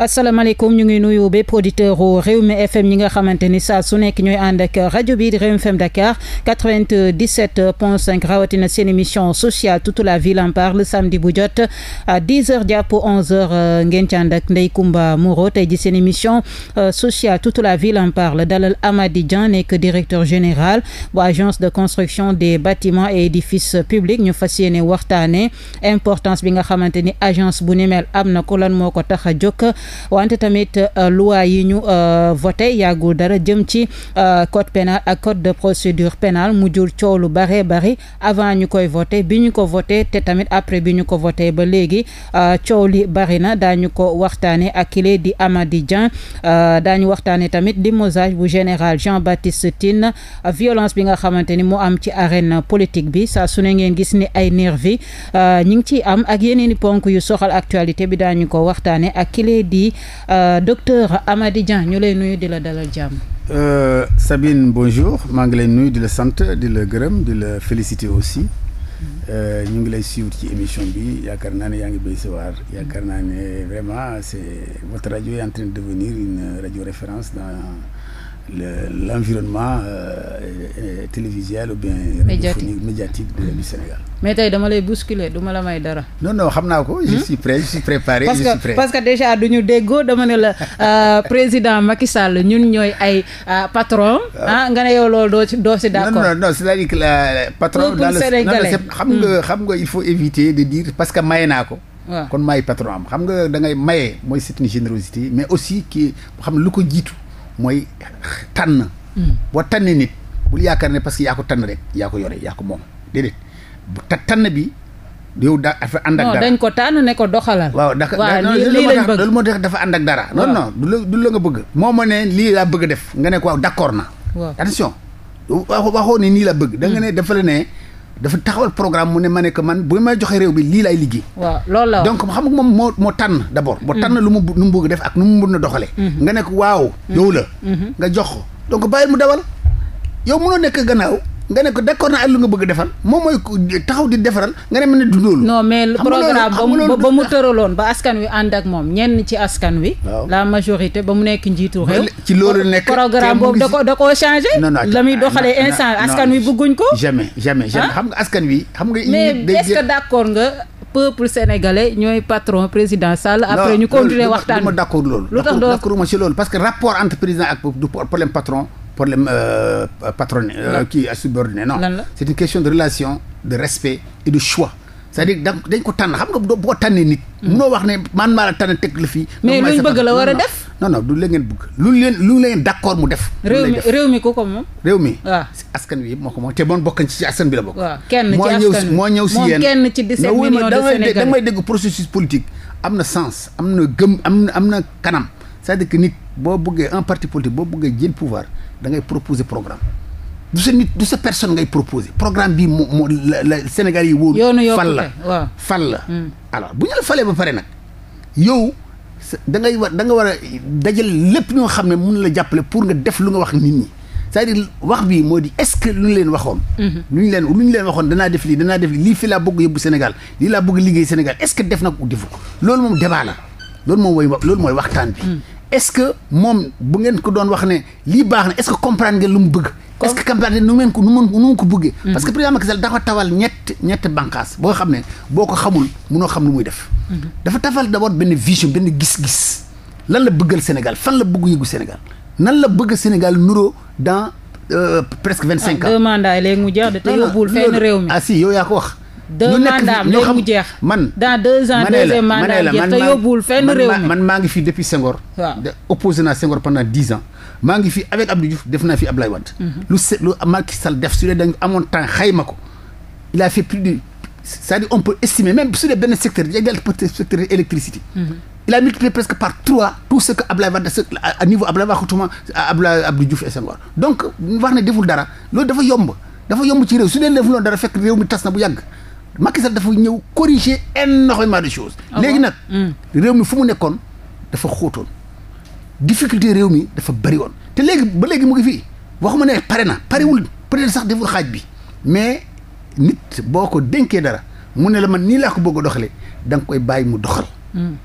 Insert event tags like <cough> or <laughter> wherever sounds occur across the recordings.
asalaamaaleykum ñu ngi nuyu bépp auditeur u Rewmi FM ñi nga xamante ni saa su nekk ñooy ànd ak rajo bi di Rewmi FM Dakar 97.5 rawatina seen émission sociale toute la ville en parle samedi bu jot à 10 heures jàpp 11 heures euh, ngeen ci ànd ak Ndeye Comba Moreau tey ji seen émission euh, sociale toute la ville en parle dalal Amady Dieng nekk directeur général bu agence de construction des bâtiments et édifices publics ñu fas yéene waxtaane importance bi nga xamante ni agence bu ni mel am na ko lan moo ko tax a jóg wante tamit euh, loi yi ñu euh, voté yàggul dara jëm ci euh, code pénal ak code de procédure pénale mu jur coow lu bare bari avant ñu koy voté bi ñu ko voté te tamit après bi ñu ko voté ba léegi coow li bari na daañu ko waxtaane ak kile di Amady Dieng daañu waxtaane tamit di mosage bu général Jean-Baptiste Tine violence bi nga xamante ni mu am ci arène politique bi saa su ne ngeen gis ni ay nervi ñi ngi ciy am ak yeneeni ponk yu soxal actualité bi daañu ko waxtaane ak di euh, docteur Amady Dieng ñu lay nuyu di la dalal jàmm. Euh, Sabine bonjour maa ngi lay nuyu di la sant di la gërëm di la félicité aussi. Euh, ñu ngi lay suivre ci émission bi yaakaar naa ne yaa ngi béy sa waar yaakaar naa ne vraiment c'est votre radio est en train de devenir une radio référence dans. le l'environnement euh, euh, télévisuel ou bien. radiophonique médiatique de du Sénégal. mais tey dama lay bousculer du ma la may dara. non non xam naa ko. je hmm? suis prêt parce que parce que déjà du ñu déggoo dama ne la euh, <laughs> président Macky Sall ñun ñooy ay euh, patron ah. ah nga ne yow loolu doo ci doo si d' accord. non non c'est-à-dire que la patron. dans le xam nga hmm. xam nga il faut éviter de dire parce que maye naa ko. waaw kon maay patron am xam nga da ngay maye mooy c'est une générosité mais aussi ki xam lu ko jiitu. mooy tànn. Hmm. boo tànnee nit bul yaakaar ne parce que yaa ko tànn rek yaa ko yore yaa ko moom déedéet te tànn bi. yow da dafa ànd ak dara ko tànn ne ko doxalal. waaw da lii lañ moo tax dafa ànd ak dara. non non du la du la nga bëgg. moo ma ne lii laa bëgg def nga ne ko waaw d'accord na. attention waxoo waxoo nii la bëgg. da nga hmm. ne dafa la dafa taxawal programme mu ne ma ne que man bu may joxe réew bi lii laay liggéey. waaw loolu la donc xam moom moo moo tànn d' abord. moo tànn lu mu lu mu bëgg def ak nu mu mën a doxalee. Mhm. nga nekk waaw. yow la. Mhm. nga jox ko donc bàyyil mu dawal yow mënoo nekk gannaaw. nga ne ko d'accord naa ak lu nga bëgg defal moom mooy taxaw di defaral nga ne mën ne du loolu non mais programme ba mu tëraloon ba askan wi ànd ak moom ñenn ci askan wi la majorité ba mu nekk njiitu réew ci loolu nekk programme boobu da ko da koo changé la muy doxalee instant askan wi bëgguñ ko jamais jamais jamais xam nga askan wi xam nga mais est que d'accord nga peuple sénégalais ñooy patron président Sall. après ñu continuer waxtaan bi ma d'accord loolu. lu tax d'accord ma si loolu parce que rapport entre président ak du problème patron problème euh, patron euh, kii subordonné non. c'est une question de relation de respect et de choix. c'est-à-dire dañ ko tànn xam nga bu ko tànnee nit. Mm. munoo wax ne man a la tànn teg la fii. mais luñ bëgg la war a def. non non du la ngeen bëgg lu leen luñ mu def. réew mi réew mi ku ko moom. réew mi askan wi yëpp moo ko moom te bokk. waaw kenn ci askan moo ñëw si yéen kenn ci 17 millions de Sénégalais da may dégg am na sens am na gëm am na am na kanam c'est-à-dire que nit boo bëggee un parti politique boo bëggee jël pouvoir da ngay proposer programme du sa nit du sa personne ngay proposé programme bii moo moo la la Sénégal yi wóolu. fal la la. Hmm. alors bu ñu la falee ba pare nag yow da ngay war da nga war a lépp ñoo xam ne mun la jàppale pour nga def lu nga wax nit ñi cest à wax bii moo di est-ce que lu ñu leen waxoon. Hmm. lu ñu leen waxoon danaa def lii danaa def lii lii fi laa bëgg yóbbu Sénégal lii laa bëgg liggéey Sénégal est def na ko defu ko loolu moom débat la loolu moom mooy loolu mooy waxtaan bi. Hmm. est moom bu ngeen ko doon wax ne lii baax na est-ce que lu mu bëgg parce que campagne nu ngeen ko nu mu nu mm-hmm. parce que président Macky Sall dafa tawal ñett ñett bànqaas boo xam ne boo ko xamul munoo xam lu muy def. Mm-hmm. dafa tawal d' abord benn vision benn gis-gis lan la bëggal Sénégal fan la bëgg yëgu Sénégal nan la bëgg Sénégal nuro dans euh, presque vingt cinq ah, ans. deux mu jeex de tey yóbbuwul fenn réew mi ah, si yow yaa ko wax. deux mandats léegi mu jeex man dans deux ans deuxième mandat jeex te yóbbuwul fenn maa ngi fii depuis Senghor. waaw opposé naa Senghor pendant dix ans. maa ngi fi avec def naa fi Abdoulaye Wade. Mhm. lu amoon temps xayma ko il a fait plus de cest à on peut estimer même su benn secteur jagleel secteur électricité. Mhm. il a multiplié presque par trois tout ce que Abdoulaye Wade à niveau Abdoulaye Wade xutuma Abdoulaye Abdou Diouf et Senghor donc wax ne deful dara loolu dafa yomb dafa yomb ci réew su dee defuloon dara fekk réew mi tas na bu yàgg. Macky Sall dafa ñëw corriger énormément de choses. Ah léegi nag mm. réew mi fu mu nekkoon dafa xóotoon. difficulté réew mi dafa bari woon te léegi ba léegi mu ngi fii waxuma ne pare na parewul peut-être sax deful xaaj bi mais nit boo ko denkee dara mu ne la man nii laa ko bëgg a doxalee da koy bàyyi mu doxal. Hmm.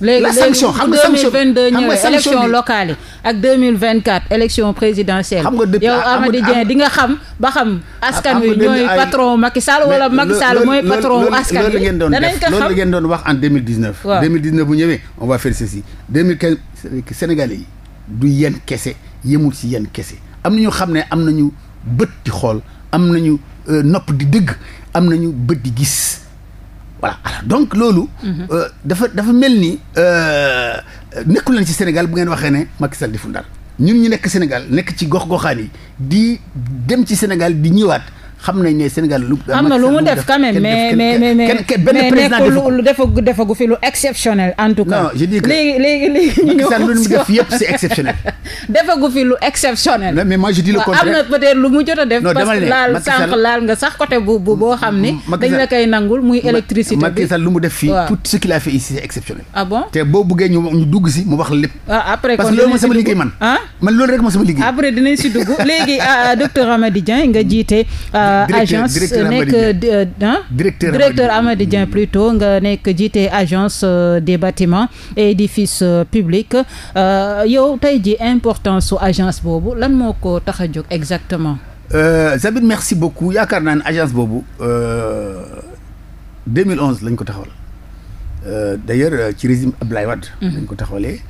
la sanction xam nga sanction léegi léegi 2022 ñëwee élection locale yi ak 2024 xam nga depuis yow Amady Dieng di nga xam ba xam. askan wi ñooy patron Macky Sall wala mooy patron askan wi. danañ ko xam loolu la ngeen doon wax en 2019. waaw 2019 bu ñëwee on va faire ceci 2015 Sénégalais yi du yenn kese yemul si yenn kese am na ñu xam ne am nañu bët di xool am na nañu euh, nopp di dëgg am nañu bët di gis. voilà donc loolu. Mhm. Euh, dafa dafa mel ni. Euh, nekkul leen ci Sénégal bu ngeen waxee ne Macky Sall di fundal ñun ñu nekk Sénégal nekk ci gox goxaan di dem ci Sénégal di ñëwaat. xam nañ ne Sénégal lu. am na lu def quand même mais mais mais kenn defagu defagu exceptionnel en tout cas. non je def yëpp c'est exceptionnel. <laughs> defagu fi exceptionnel. non mais moi je def. fii tout ce exceptionnel. Ah te boo buggee ñu dugg si mu wax lépp. Ah, après parce loolu mooy sama liggéey man. Ah? man loolu rek mooy sama liggéey. après dinañ si dugg <laughs> léegi docteur Hamady Dieng nga jiite Euh, agence nekk euh, directeur directeur Amady Dieng plutôt nga nekk jiite agence euh, des bâtiments et édifices publics yow tey ji importance su agence boobu lan moo ko tax a jóg exactement Zabir merci beaucoup yaakaar naa ne agence boobu 2011 lañ ko taxawal d'ailleurs ci régime Abdoulaye Wade mm-hmm. lañ ko taxawalee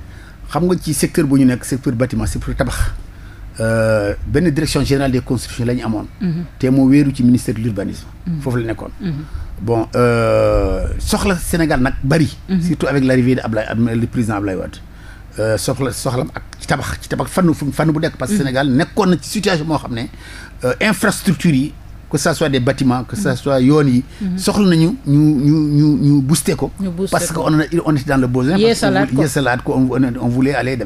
xam nga ci secteur bu ñu nekk secteur bâtiment secteur tabax Euh, benn direction générale des constructions la amoon. Mhm. te mu wéeru ci ministère de l'urbanisme. Mhm. foofu la nekkoon. Mhm. bon euh, soxla Sénégal nag bari. surtout avec l'arrivée de Ablaye euh, le président Ablaye Wade. soxla soxlam ak ci tabax ci tabax fànn fànn bu nekk parce que Sénégal nekkoon na ci situation moo xam ne infrastructure yi que ça soit des bâtiments que ça soit yoon yi. soxla nañu ñu ñu ñu ñu booster ko. parce que on on était dans le besoin. yeesalaat ko yeesalaat ko on voulait aller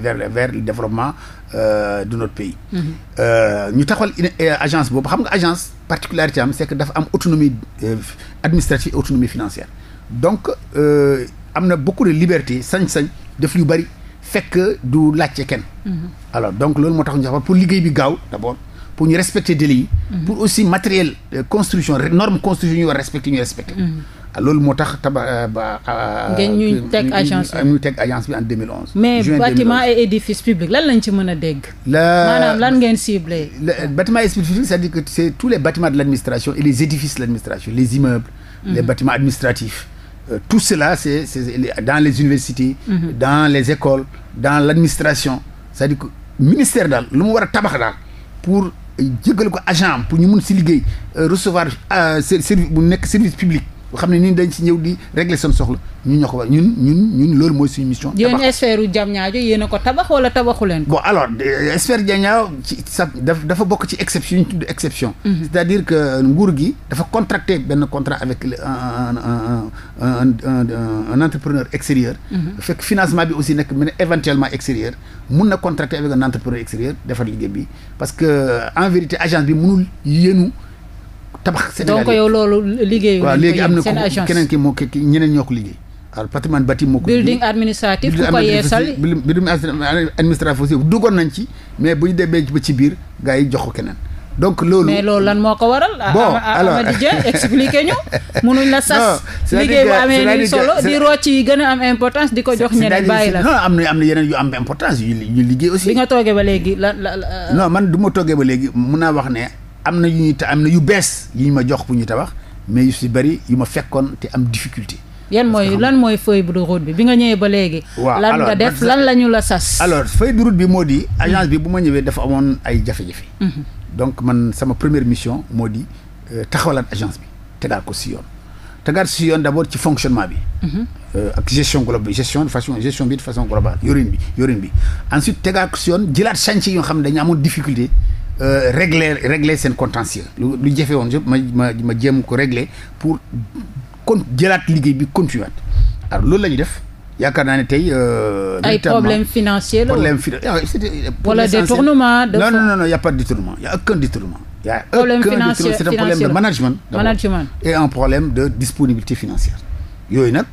Euh, de notre pays. Mm-hmm. Euh, ñu taxawal euh, agence boobu xam nga agence particularité am c'est que dafa am autonomie administrative et autonomie financière donc am na beaucoup de liberté sañ-sañ def lu bari fekk du laajte kenn. Mm-hmm. alors donc loolu moo tax ñu taxawal pour liggéey bi gaaw d'abord pour ñu respecter délai yi. Mm-hmm. pour aussi matériel construction norme construction ñu war respecter ñu respecter. loolu moo tax tabax. Euh, euh, ngeen ñu teg agence bi ñuy teg agence bi en 2011. mais bâtiment et édifice public lan lañ ci mën a dégg. la maanaam lan ngeen ciblé. le bâtiment et édifice public c'est-à-dire que c'est tous les bâtiments de l'administration et les édifices de l'administration les immeubles. Mhm. les bâtiments administratifs. Euh, tout cela c'est dans les universités. Mhm. dans les écoles dans l'administration c'est-à-dire que ministère daal lu mu war a tabax daal pour jégal ko agent pour ñu mun si liggéey recevoir service bu nekk service public. nga xam ne nii dañ ci ñëw di régler seen soxla ñu ñoo ko war ñun ñun ñun loolu mooy suñu mission. tabax yéen sphère Diamniadio yéen a ko tabax wala tabaxu leen ko. bon alors sphère ci sa dafa bokk ci exception ñu tudd exception. Mhm. c'est-à-dire que nguur gi dafa contracté benn contrat avec un un un un entrepreneur extérieur. Mhm. fekk bi aussi nekk mu ne éventuellement mun na contracter avec un entrepreneur extérieur defar liggéey bi parce que en vérité agence bi mënul yéenu. tabax Sénégal donc yow loolu liggéeyu. waaw léegi am na keneen ki moo ki ñeneen ñoo ko liggéey. waaw patrimoine bâti ko. building administratif ku ko yeesal building administratif duggoon nañ ci mais bu ñu demee ba ci biir gars jox ko keneen. donc loolu mais loolu lan moo ko waral. bon alors Amady Dia <laughs> expliqué ñu. munuñ la sas. liggéey bu amee ni solo di rocc yi gën a am importance di ko jox ñeneen bàyyi la. non am na am na yeneen yu am importance yu ñu liggéey aussi. bi nga toogee ba léegi la la non man du ma toogee ba léegi mun naa wax ne. am na yu ñuy am na yu bees yu ñu ma jox bu ñu tabax mais yu si bëri yu ma fekkoon te am difficulté. yan mooy lan mooy feuille de route bi bi nga ñëwee ba léegi. waaw lan nga def lan la ñu la sas. alors feuille de route bi moo di agence bi bu ma ñëwee dafa amoon ay jafe-jafe. Mhm. donc man sama première mission moo di euh, taxawalaat agence bi tegaat ko si yoon. tegaat si yoon d' abord ci fonctionnement bi. Mhm. Euh, ak gestion globale gestion de façon gestion bi de façon globale yorin bi yorin bi ensuite tegaat ko si yoon jëlaat chantier yoo xam ne dañu amoon difficulté. Euh, régler régler seen contentieux lu lu jafe woon yëpp ma ma ma jéem ko régler pour kon jëlaat liggéey bi continuer alors loolu la ñu def yaakaar naa ne tey. Euh, ay problèmes financiers la problème ah, euh, financier wala détournement de non non non y' a pas de détournement y' a aucun détournement. y' a aucun détournement c'est un problème de management. management et un problème de disponibilité financière. yooyu nag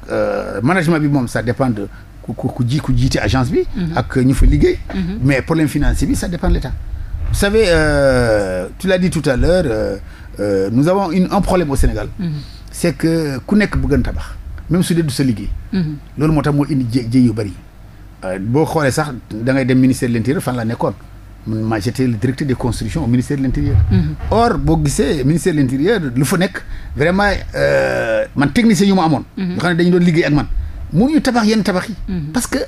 management bi moom ça dépend de ku ku ji ku jiite agence bi. Mhm. ak ñu fa liggéey. Mhm. mais problème financier bi ça dépend de l' état. vous savez euh, tu la dit tout à l'heure euh, euh, nous avons une un problème au Sénégal mhm. c'est que ku nekk bëgg na tabax même su dee du sa liggéey mhm. loolu moo tax moo indi jé jé yu bëri euh, boo xoolee sax dangay dem ministère de l'intérieur fan la nekkoon man ma j'étais le directeur des constructions au ministère de l'intérieur mm -hmm. or boo gisee ministère de l'intérieur lu fa nekk vraiment euh, man technicien yu ma amoon mhm. yoo xam ne dañu doon liggéey ak man mënuñu tabax yenn tabax yi parce que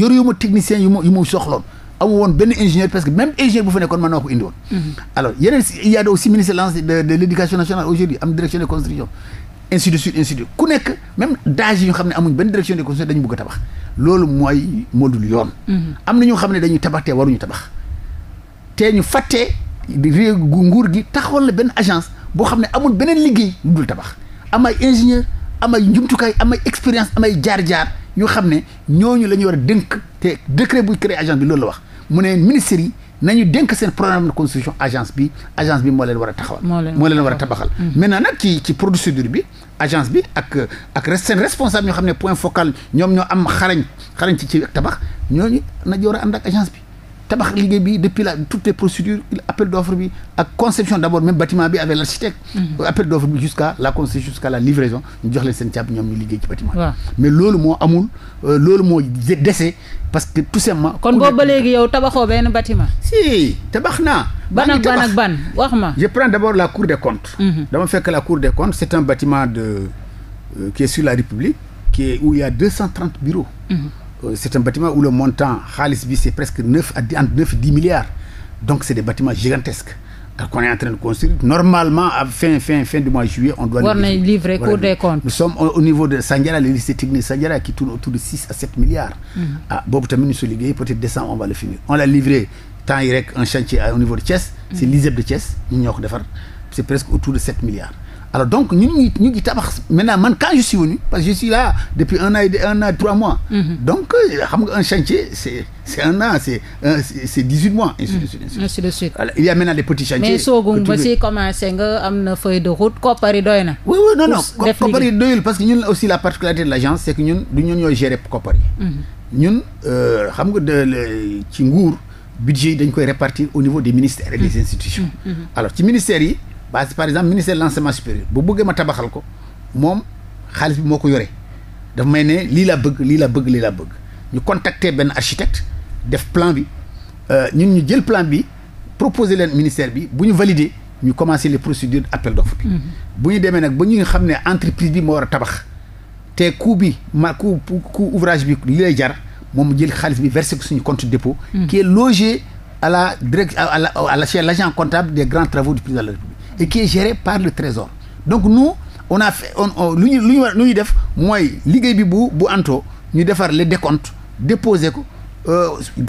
yoru yu ma technicien yu ma yu amu woon benn ingénieur parce que même ingénieur bu fa nekkoon mën na ko indi woon mhm. alors yeneen il y a aussi ministre de de de l'éducation nationale aujourd'hui am direction de construction ainsi ku nekk même daaj yi ñu xam ne amuñ benn direction de construction dañu bëgg tabax loolu mooy moo dul yoon mhm. am na ñu xam ne dañuy tabax te waruñu tabax te ñu fàttee réew nguur gi taxawal la benn agence boo xam ne amul beneen liggéey lu dul tabax am ay ingénieur am ay njumtukaay am ay expérience jaar-jaar ñu xam ne ñooñu la ñu war a te décret bu créé agence bi loolu la wax mu ne ministère yi nañu dénk seen programme de constitution agence bi agence bi moo leen war a taxawal. moo leen war a tabaxal. Mm-hmm. maintenant nag ci ci procédure bi agence bi ak ak seen responsable ñoo xam ne point focal ñoom ñoo am xarañ xarañ ci ci tabax ñooñu na war a ànd ak agence bi. tabax liggéey bi depuis la toutes les procédures appel d'offre bi a conception d'abord même bâtiment bi avec l'architecte mhm. appel d'offre bi jusqu'à la conception jusqu'à la livraison ñu jox seen càab ñoom ñu liggéey ci bâtiment mais loolu moo amul euh, loolu moo dese parce que tout simplement kon boobu ba léegi yow tabaxoo benn bâtiment si tabax naa ban ak ban ban wax ma je prends d'abord la cour des comptes mhm. dama fekk la cour des comptes c'est un bâtiment de euh, qui la République qui est où il Euh, c'est un bâtiment où le montant xaalis bi c'est presque neuf à dix milliards donc c'est des bâtiments gigantesques qu'on est en train de construire normalement fin fin du mois juillet on doit livrer Cour des comptes nous sommes au niveau de Sandiara les lycées techniques Sandiara qui tourne autour de six à sept milliards mmh. ah boobu tamit ñu si peut-être décembre on va le finir on l'a livré temps yi un chantier au niveau de Thiès c'est mmh. l'ISEP de Thiès alors donc ñun ñu ñu ngi tabax maintenant man quand je suis parce que je suis là depuis un an trois mois. Mm-hmm. donc euh, xam nga un chantier c'est un an c'est dix-huit mois. ainsi de mm-hmm. suite de suite. il y soogum ba si nga am na feuille de route koppar doy na. oui oui non non koppar yi doyul parce que ñun aussi la particularité de l'agence c'est que ñun du ñun ñooy gérer koppar mm-hmm. ñun euh, xam nga ci nguur budget yi dañ koy répartir au niveau des ministères et des institutions. yi. parce que par exemple ministère de l'enseignement supérieur bu bëggee ma tabaxal ko moom xaalis bi moo ko yoree dafa may ne lii la bëgg lii la bëgg lii laa bëgg ñu contacter benn architecte def plan bi euh, ñun ñu jël plan bi proposer leen ministère bi bu ñu valider ñu commencer les procédures appel d'offre bi mm-hmm. bu ñu demee nag ba ñu xam ne entreprise bi moo war a tabax te coût bi ma coût coût ouvrage bi li lay jar moom mu jël xaalis bi versé ko suñu compte dépôt mm-hmm. qui est logé à la direct à la à la chez l'agent comptable des grands travaux du président et qui est géré par le trésor donc nous on a fait on lu ñu lu ñu war lu ñuy def mooy liggéey bi bu bu antoo ñu defar les décomptes déposer ko euh,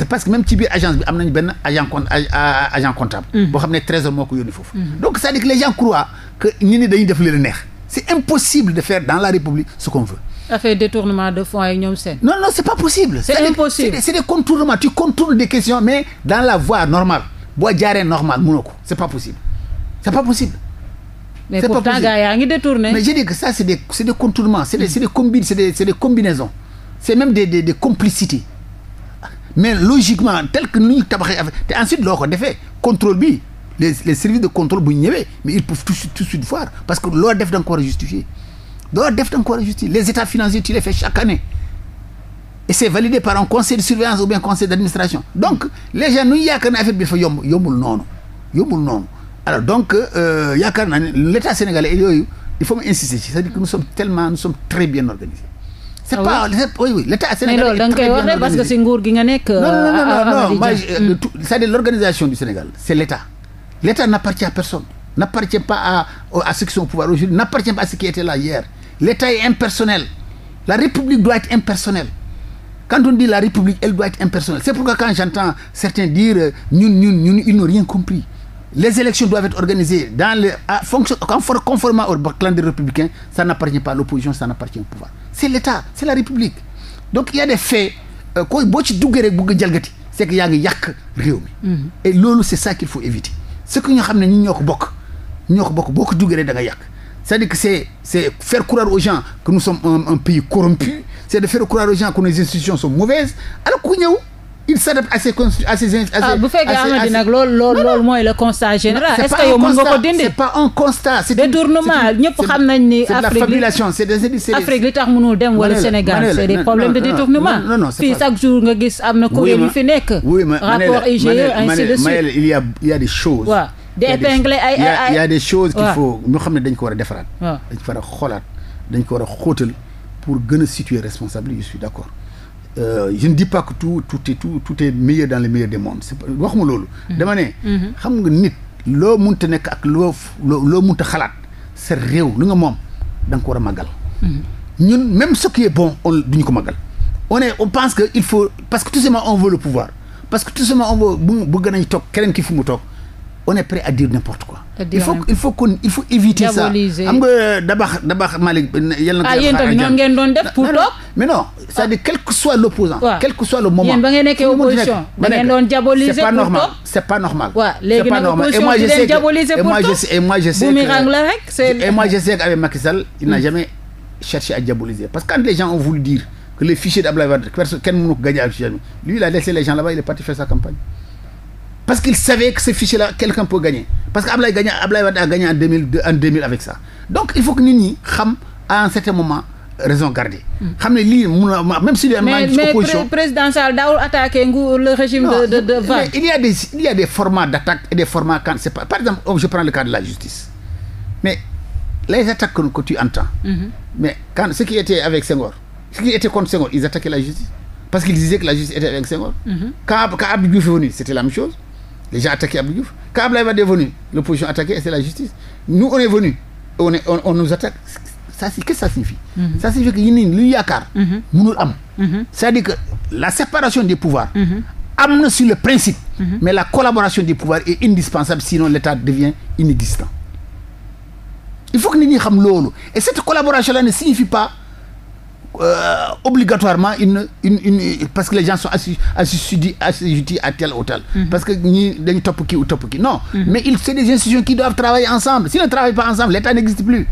parce que même ci biir agence bi am nañu benn agent compte agent comptable. Mm. boo xam ne trésor moo ko yónni foofu. Mm. donc c'est-à-dire gens croient que ñu ni dañuy def li la c'est impossible de faire dans la République ce qu'on veut. affaire détournement de fonds yi ñoom seen. non non c'est pas possible. c'est impossible c'est des contournements tu contournes mais dans ko c'est pas possible. c'est pas possible. mais ngi détourné. mais je dis que ça c'est des c'est des contournements c'est des c'est des combines c'est des combinaisons c'est même des complicités mais logiquement tel que nu ñu tabaxee affaire te ensuite loo ko defee contrôle bi les les services de contrôle bu ñu ñëwee mais ils peuvent tout tout de suite voir parce que loo def da nga ko war a justifier loo def da nga ko war a justifier les états financiers tu les fais chaque année. et c'est validé par un conseil de surveillance alors donc euh, yaakaar naa ne l' état sénégalais yooyu il faut mu insister ci cest dire que nous sommes très bien organisés. c'est ah pas oui oui l' état parce que si gi nga nekk. non non non euh, non moi euh, c'est-à-dire Sénégal est l' état l' état à personne na appartient pas à à au pouvoir aujourd'hui n' appartient pas à ceux qui hier l' est impersonnel la république doit être impersonnelle. quand on la république elle doit être impersonnelle c'est pourquoi quand j'entends certains dire ñun ñun ñun ils n'ont rien compris les élections doivent être organisées dans le à fonction conformément au calendrier républicain ça n'appartient pas à l'opposition ça n'appartient pouvoir c'est l'État c'est la République donc il y a euh, boo ci duggee rek bëgg a jalgati c'est yaa ngi yàq réew mi mm-hmm. et loolu c'est ça qu'il faut éviter ce que xam ne ñun ñoo ko bokk ñoo ko bokk boo ko duggee rek da yàq c'est-à-dire que c'est c'est faire croire aux gens que nous sommes un, pays corrompu c'est de faire il s'adapte à ses à ses ah bu fekkee am na di nag loolu mooy le constat général. est-ce yow mën nga ko détournement ñëpp xam nañ ni. Afrique c'est de la fabulation c'est des Afrique li tax mënul dem wala Sénégal c'est des problèmes de détournement. jour nga gis fi nekk. rapport IGE ainsi de suite a il y a des choses. waaw des épingler ay ay ay il des choses qu'il faut ñu xam ne dañ ko war a defaraat. dañ ko war a xoolaat dañ ko war a xóotal pour gën a situer responsable je suis d'accord Euh, je ne dis pas que tout tout est tout tout est meilleur dans le meilleur des mondes c'est waxuma loolu. dama ne. Mhm. xam nga nit loo munta nekk ak loo loo munta xalaat sa réew lu nga moom da nga ko war a màggal. Mhm. ñun même ce qui est bon on duñu ko màggal. on est on pense que il faut parce que tout simplement on veut le pouvoir parce que tout simplement on veut bu bëgg nañ toog keneen ki fu mu toog. on est prêt à dire n'importe quoi. il faut il faut qu'on il faut éviter ça xam nga dabax dabax Malick yal ko. ah yéen tamit ñoom ngeen doon def mais non c'est-à-dire ah. quel soit l'opposant quel soit le moment. yéen ba ngeen nekkee opposition c'est pas normal c'est pas opposition bi leen la rek c'est et <laughs> n'a hmm. jamais cherché à diaboliser parce que quand les gens ont voulu dire que le fichier d'Abdoulaye Wade personne kenn mënu ko gagner à lui a laissé les gens parce qu'il savait que ces fichiers-là quelqu'un peut gagner parce que Ablaye gagné a gagné en deux mille avec ça donc il faut que nit ñi xam certain moment raison garder. xam ne lii mun na même si. maa ngi ci opposition mais mais président Sall daawul attaqué nguur le régime. de de il y a des formats d'attaque et des formats quand c'est pas par exemple oh, je prends le cas la justice mais les attaques que, tu entends. Mm mais quand ceux qui était avec Les gens attaquaient Abdou Diouf. Quand a Wade est venu, l'opposition attaquait et c'est la justice. Nous, on est venus, on, nous attaque. qu'est-ce que ça mm-hmm. que yi nii lu ñu yaakaar mm-hmm. munul am mm-hmm. c'est-à-dire que la séparation des pouvoirs am na sur le principe mais la collaboration des pouvoirs est indispensable sinon l'État devient inexistant il faut que nit ñi xam loolu et cette collaboration là ne signifie pas euh, obligatoirement une parce que les gens sont assu à tel ou tel. Mhm. parce que ñii dañu topp ou topp kii non. Mhm. mais il c'est des institutions qui doivent travailler ensemble s'ils ne travaillent pas ensemble l'État n'existe plus.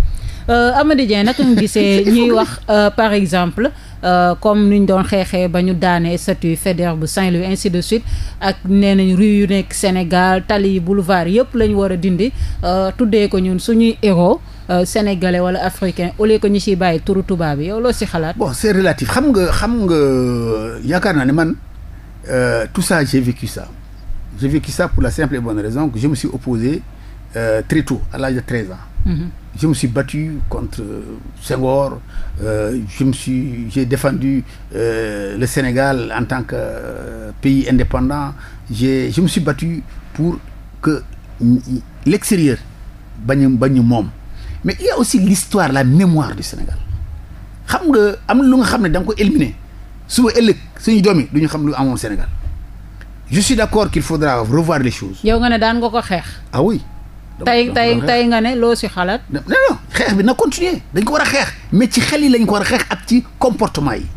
Euh, Amady Dieng naka nga gisee <laughs> ñuy wax euh, par exemple euh, comme nuñ doon xeexee ba ñu daanee statut Faidherbe bu Saint-Louis ainsi de suite ak nee nañ rue yu nekk Sénégal tali boulevard yëpp lañ war a dindi tuddee ko ñun suñuy héros sénégalais wala africain au lieu que ñu siy bàyyi turu tubaab bi yow loo si xalaat. bon c'est relatif xam nga xam nga yaakaar naa ne man tout ça j'ai vécu ça j'ai vécu ça pour la simple et bonne raison que je me suis opposé euh, à l'âge de 13 ans. Mm-hmm. je me suis battu contre euh, Senghor euh, je me suis j'ai défendu euh, le Sénégal en tant que euh, pays indépendant j'ai je me suis battu pour que l'extérieur bañ bañu moom mais il y a aussi l'histoire la mémoire du Sénégal xam nga am lu nga xam ne da nga ko éliminer suba ëllëg suñu doom yi lu ñu xam lu amoon Sénégal je suis d'accord qu'il faudra revoir les choses yow nga ne daan nga ko xeex ah tey tey tey nga ne loo si xalaat. non non xeex bi na continuer dañ ko war a xeex mais ci xel yi lañ ko war a xeex ak ci comportement yi.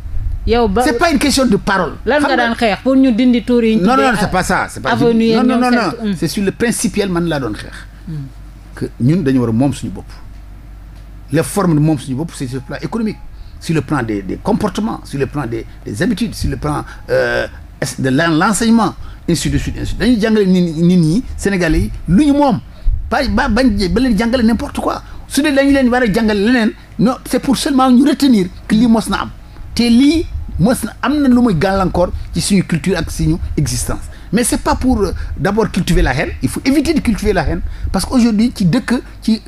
yow ba c'est pas une lan nga daan xeex pour ñu dindi tur yi. non non c'est pas ça c'est pas non non c'est sur le principiel man laa doon xeex. Hmm. que ñun dañu war moom suñu bopp. les forme de moom suñu bopp c'est le plan économique sur le plan des des comportements sur le plan des des habitudes sur le plan euh, de l'enseignement ainsi de suite ainsi de suite dañuy jàngale nit ñi Sénégalais lu ñu moom. ba ba bañ ba jàngale n'importe quoi su dee dañu leen war a jàngale leneen non c'est pour seulement ñu retenir que lii mos na am te lii mos na am na lu muy gàllankoor ci suñu culture ak suñu existence mais c'est pas pour euh, d'abord cultiver la haine il faut éviter de cultiver la haine parce que aujourd'hui ci dëkk ci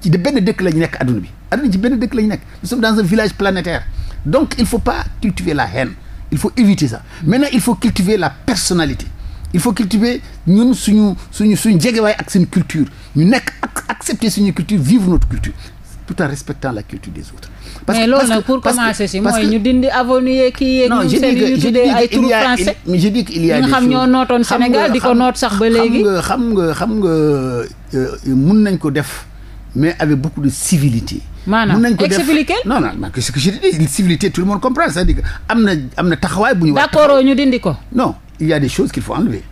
ci benn dëkk la ñu nekk adduna bi adduna ci benn dëkk lañu ñu nekk nous sommes dans un village planétaire donc il faut pas cultiver la haine faut éviter ça maintenant il faut cultiver la personnalité il faut cultiver ñun suñu suñu suñu jegewaay ak suñu culture ñu nekk ak accepter suñu culture vivre notre culture tout en respectant la culture des autres. parce que loolu nag pour commencer si mooy ñu dindi avenue yeeg kii yeeg. non je y a il je dis que il y a des xam ñoo nootoon Sénégal di ko noot sax ba léegi. nga xam nga euh, mun nañ ko def mais avec beaucoup de civilité. maanaam expliqué non non non ce que je dis civilité am na am na taxawaay bu ñu. d'accord ñu dindi ko non. il y a des choses qu'il faut enlever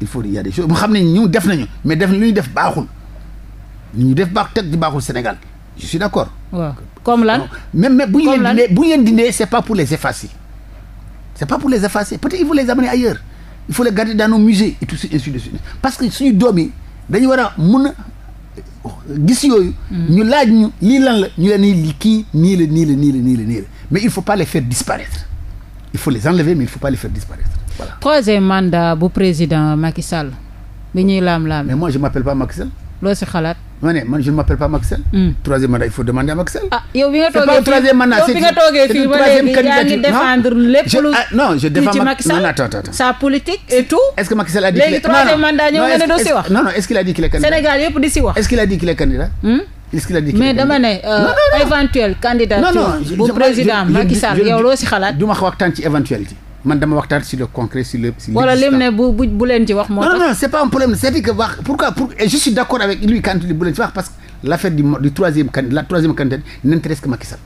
il faut il des choses mu xam ne ñu def nañu mais def lu ñu def baaxul lu ñu def baax teg di baaxul Sénégal je suis d'accord. comme lan. même mais bu ñu leen bu ñu leen dindee c'est pas pour les effacer. c'est pas pour les effacer peut-être il faut les amener ailleurs il faut les garder dans nos musées parce que suñu doom yi dañu war a mun a gis yooyu. Hmm. ñu laaj ñu lii lan la ñu leen nii lii kii nii la nii la nii la nii la nii la mais il faut pas les faire disparaître il faut les enlever voilà troisième mandat bu président Macky Sall bi ñuy laam-laam. mais moi je m'appelle pas Macky Sall. loo si xalaat. ma ne man je ne m'appelle pas Macky Sall. Hmm. troisième mandat il faut demander à Macky Sall. ah yow bi nga toogee fii c'est pas troisième mandat c'est une troisième candidature défendre lépp lu ah, non je défends non attends attends sa politique et tout. est-ce que Macky Sall a dit léegi troisième mandat ñëw nga ne doo si wax. non non est-ce qu'il a dit qu'il est candidat Sénégal yëpp di si wax. est-ce qu'il a dit qu'il est candidat. Hmm? est-ce qu'il a dit qu'il est candidat mais dama ne euh, éventuelle candidature. bu président Macky Sall yow loo si xalaat. du ma waxtaan ci éventualité. man dama waxtaan si le concret si le. si wala lim ne bu bu bu leen ci wax. moo tax non non c'est pas un problème c'est-à-dire que wax pourquoi pour et je suis d'accord avec lui quand il dit bu leen ci wax parce que l'affaire du du troisième can la troisième candidature n'intéresse que Macky Sall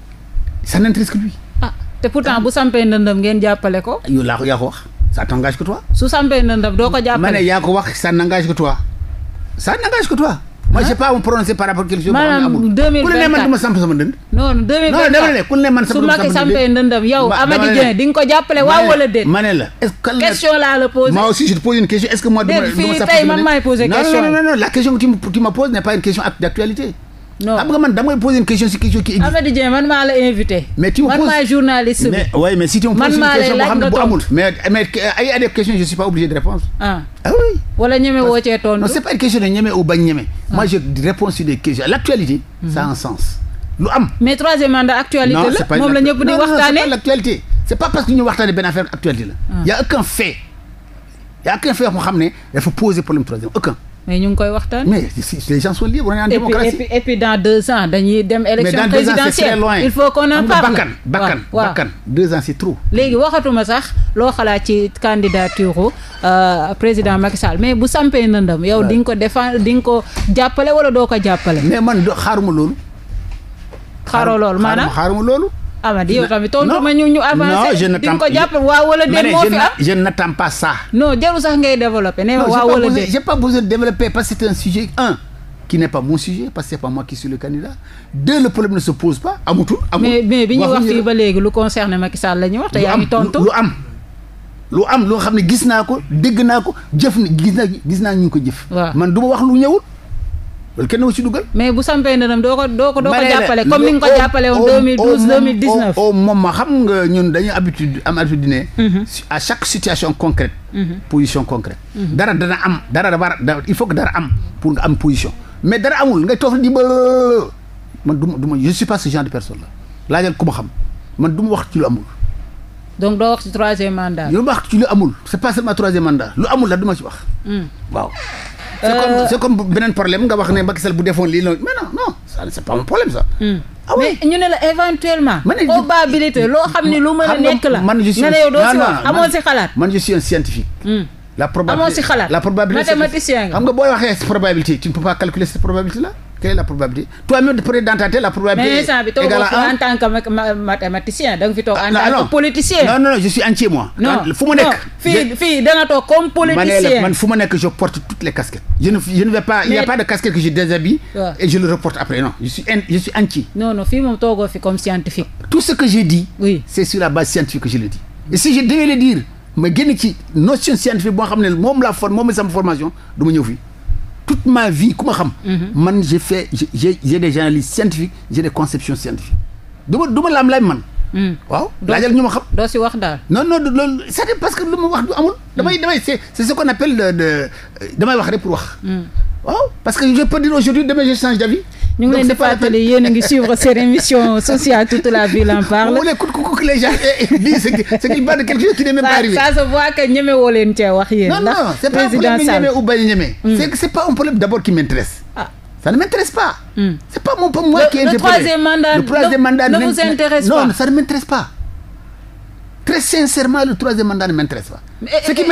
ça n'intéresse que lui. ah te pourtant bu sampee ndëndëm ngeen jàppale ko. yow laa ko yaa ko wax ça t'engage que toi. su sampee ndëndëm doo ko jàppale. ma ne yaa ko wax ça n'engage que toi ça n'engage que toi. moi j'ai pas à me par rapport quelque chose. maanaam deux mille vingt quatre ku ne man du ma samp non deux mille vingt quatre non ne ku ne man. sama dënd su ma sampee ndëndam yow. Amady Dieng di nga ko jàppale waaw wala la est question laa la posé. moi aussi je te pose une question est ce que moi. du ma du la question que tu me tu me pas une question d'actualité. non xam nga man damay poser une question si question qui existe. Amady Dieng man maa la invité. mais tu me poses man mais oui mais si tu me poses une question boo xam ne bu amul. mais mais ay ah. Ah ah. mm-hmm. sens. lu am mais troisième mandat actualité la moom la ñëpp di waxtaane non l'actualité c'est pas parce que ñu waxtaane benn affaire actualité la. y a aucun fait y a aucun fait mu xam ne dafa poser problème troisième aucun. mais ñu ngi koy waxtaan. mais si les gens sont libres on est en démocratie. et puis et puis dans deux ans dañuy dem. élection présidentielle il faut qu'on en parle. bakkan bakkan bakkan léegi waxatuma sax loo xalaat ci candidature euh, président Macky Sall mais bu sampee nëndam yow di nga ko défendre di nga ko jàppale wala doo ko jàppale. mais man xaaruma loolu. xaaro loolu maanaam xaaruma loolu. Amady yow tamit tontu ma ñu ñu avancé. non je ne ko jàpp waaw wala déet moo fi am je n'attends pas ça. non jarul sax ngay développer. nee waaw wala déet j'ai pas besoin de développer parce que c'est un sujet un. qui n'est pas mon sujet parce que c'est pas moi qui suis le candidat deux le problème ne se pose pas amutul. amul mais mais bi ñu wax fii ba léegi lu concerne Macky Sall la ñu wax. te yaa ngi tontu lu am lu am loo xam ne gis naa ko dégg naa ko jëf na gis naa gis naa ñu ko jëf. man du ma wax lu ñëwul. loolu kenn du ko ci mais bu sampee ndëndam doo ko doo ko doo ko jàppale comme ni nga ko jàppale woon 2012 2019. xam nga ñun dañu habitude am habitude ne. Mhm. à chaque situation concrète. Mhm. position concrète. Mhm. dara dana am dara war il faut que dara am pour nga am position mais dara amul ngay toog di ba man du ma du ma je suis pas ce genre de personne là laajal ku ma xam man du ma wax ci lu amul. donc doo wax ci troisième mandat. ma wax ci lu amul c'est pas seulement la du ma ci wax. Mm. waaw. c'est euh... comme c'est comme beneen problème nga wax ne Macky Sall bu defoon lii la mais non non c'est pas mon hmm. ah probabilité loo xam ni lu ma a nekk la. man je suis wax amoo si xalaat. man je suis un scientifique. Hmm. la si xalaat mathématicien nga. nga booy waxee probabilité tu ne peux calculer cette probabilité là. quelle la probabilité toi-même de prendre dans ta tête la probabilité. mathématicien da fi toog ah, en tant politicien. non non je suis entier moi. fu ma nekk. fii toog comme politicien. man fu ma je porte toutes les casquettes. je ne vais pas il y a pas de casquette que je déshabille. et je le reporte après non je suis je non non fii moom toogoo fi comme scientifique. tout ce que j'ai dit. je le si je devais dire ma génn ci notion scientifique toute ma vie ku ma xam. Mhm. man j'ai fait j'ai j'ai des analyses scientifiques j'ai des conceptions scientifiques du ma du ma laam laay man. Hmm. waaw laajal ñu ma xam. doo si wax daal. non parce que lu ma wax du amul. damay hmm. damay c'est ce qu'on appelle de de damay wax rek pour wax. Hmm. waaw parce que je peux aujourd'hui demain je change d'avis. ñu ngi leen di fàttali yéen a ngi suivre seen sociale toute la ville en parle. wala kut kut les gens eh, eh, disent ce qui se voit que ñeme woo leen cee wax yéen. non pas un problème mm. problème d'abord qui m'intéresse. ah ne m'intéresse pas. Mm. c'est pas mon moi qui le troisième mandat le troisième mandat ne vous pas non ça ne le mandat ne m'intéresse pas. Eh, ce qui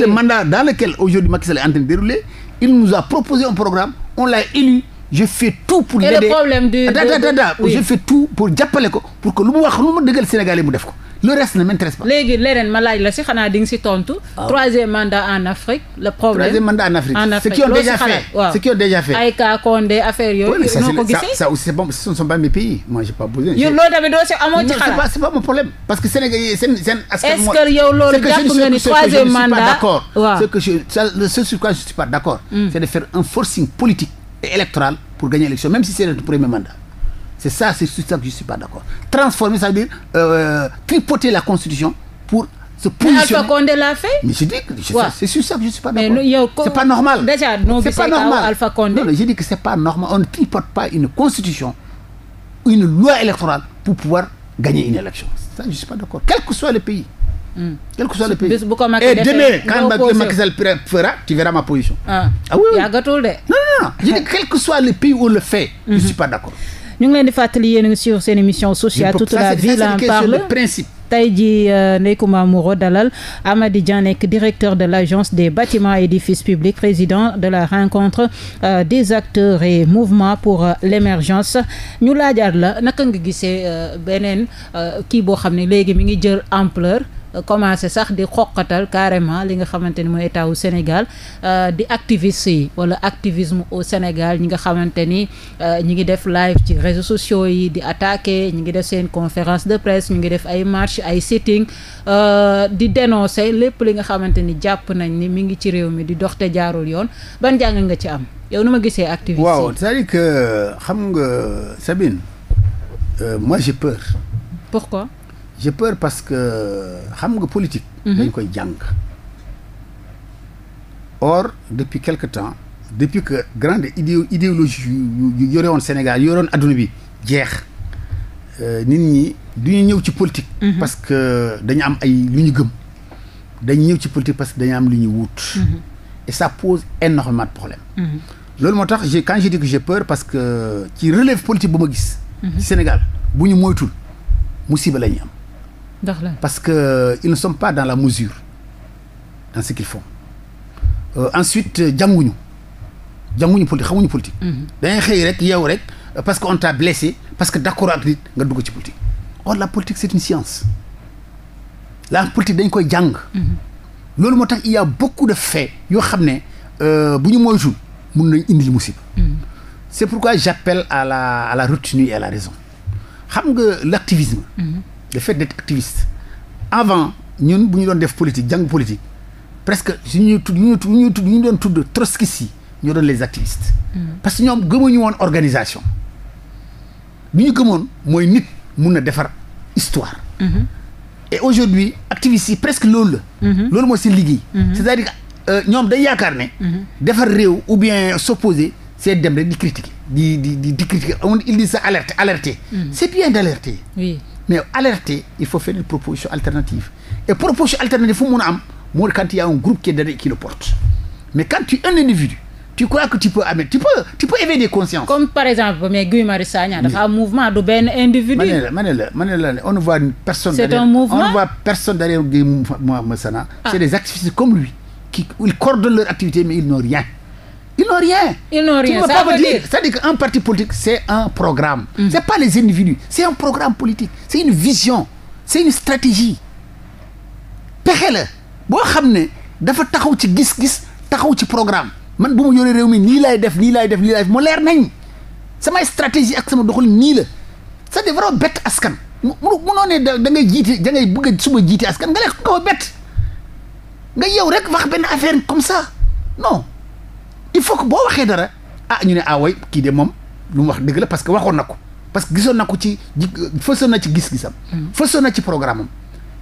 le mandat dans lequel aujourd'hui Macky Sall est en train a proposé un programme on l'a je fais tout pour l'aider da je pour jàppale ko pour que lu mu wax lu mu dëggal Sénégalais mu def ko le reste ne m'intéresse pas. léegi leneen ma la si xanaa di si tontu. Ah. troisième mandat en Afrique. le problème troisième mandat en Afrique. ce qui ont déjà fait. ay cas Condé affaire yow loolu tamit doo si c'est c'est pas mon problème. parce que Sénégal est-ce que yow ce que je ce sur pas d'accord. Hmm. c'est de faire un politique. et électorale pour gagner l'élection, même si c'est notre premier mandat. C'est ça, c'est sur que je suis pas d'accord. Transformer, ça veut dire euh, tripoter la Constitution pour se positionner. Mais c'est pas normal. c'est pas normal. Alpha Condé. pas normal. On ne pas une Constitution, une loi électorale pour pouvoir gagner une élection. Ça, je suis pas d'accord. Quel que soit le pays. Mm. quel que soit le pays. bis bu ko Macky eh, defee et demain quand Macky Sall fera tu verras ma position. ah, ah oui yàggatul de. non non je dis <laughs> quel que soit le pays où on le fait. je mhm. suis pas d'accord. ñu ngi leen di fàttali yéen a ngi sur seen émission sociale toute la ville en parle principe tey jii euh, Ndeye Comba Moreau dalal Amady Dia nekk directeur de l'agence des bâtiments et édifices publics président de la rencontre euh, des acteurs et mouvements pour euh, l'émergence ñu laajaat la naka nga gisee beneen kii boo xam ne léegi mi ngi jël ampleur commencé sax di xoqatal carrément li nga xamante ni mooy état wu Sénégal euh, di activiste yi wala activisme au Sénégal ñi nga xamante ni euh, ñi ngi def live ci réseaux sociaux yi di attaque ñi ngi def seen conférence de presse ñu ngi def ay marche ay sitting euh, di dénoncer lépp li nga xamante ni jàpp nañ ni mi ngi ci réew mi di dox te jaarul yoon ban jàng nga ci am yow nu ma gisee activiste yi waaw cest que xam nga Sabine euh, moi j'ai peur j'ai peur parce que xam nga politique. Mhm. dañ koy jàng. or depuis quelque temps depuis que grande idé idéologie yu yore woon Sénégal yoroon adduna bi jeex euh, nit ñi du ñu ñëw ci politique. Mhm. parce que dañu am ay lu ñu gëm. dañ ñëw ci politique parce que dañu am lu ñu wut. Mhm. et ça pose énormément de problème. loolu moo tax j'ai quand j'ai dit que j'ai peur parce que ci relève politique ba ma gis. Sénégal bu ñu moytul musiba la ñu am. ndax parce que euh, ils ne sont pas dans la mesure dans ce qu'ils font euh, ensuite euh, jànguñu jànguñu politique xamuñu politique. Mhm. dangay xëy rek yow rek parce que on t'a blessé parce que d'accord ak nit nga dugg ci politique. or la politique c'est une science la politique dañ koy jàng. Mhm. loolu moo tax il y a beaucoup de yoo xam ne euh, bu ñu moytu mun nañ indil musiba. Mhm. c'est pourquoi j'appelle à la à la retenue la raison xam nga l'activisme. le fait d'être activiste avant ñun bu ñu doon def politique jàng politique presque suñuy tudd ñu ñu tudd ñu doon tudd trotskistes yi ñoo doon les activistes mm. parce que ñoom gëmuñu woon organisation bu ñu gëmoon mooy nit mun na defar histoire mm-hmm. et aujourd'hui activistes yi presque loolu la mm-hmm. loolu mooy seen liggéey mm-hmm. c'est-à-dire que euh, ñoom day yaakaar ne defar réew ou bien s'opposer c'est dem rek di critiquer di di di critiquer on il dit ça alerter alerter c'est bien d'alerter oui mais alerter il faut faire une proposition alternative et proposition alternative fu mu mën a am mooy quand il y a un groupe qui est derrière qui le porte mais quand un individu tu crois que tu peux amener tu peux tu peux éveiller des consciences. comme par exemple mais Guy Marius Sagna dafa am mouvement du benn individu. ma ne la ma personne. c'est un mouvement on ah. c'est des activistes comme lui qui ils leur activité mais ils n'ont rien. ils n'ont rien. ils n'ont rien ça veut dire cest parti politique c'est un programme. Mm. c'est pas les individus c'est un programme politique c'est une vision c'est une stratégie pexe la boo xam ne dafa taxaw ci gis-gis taxaw ci programme man bu ma yore réew mi nii lay def nii laay def nii laay def mu leer nañ samay stratégie ak sama doxal nii la sa à dire vraiment askan. mu munoo ne da ngay jiite da ngay bëgg a suba jiite askan nga lekk nga ko bett nga yow rek wax benn affaire comme ça non. il faut que boo waxee dara ah ñu ne ah way kii de moom lu mu wax dëgg la parce que waxoon na ko parce que gisoon na ko ci ji fësoon na ci gis-gisam. Mm. fësoon na ci programme am.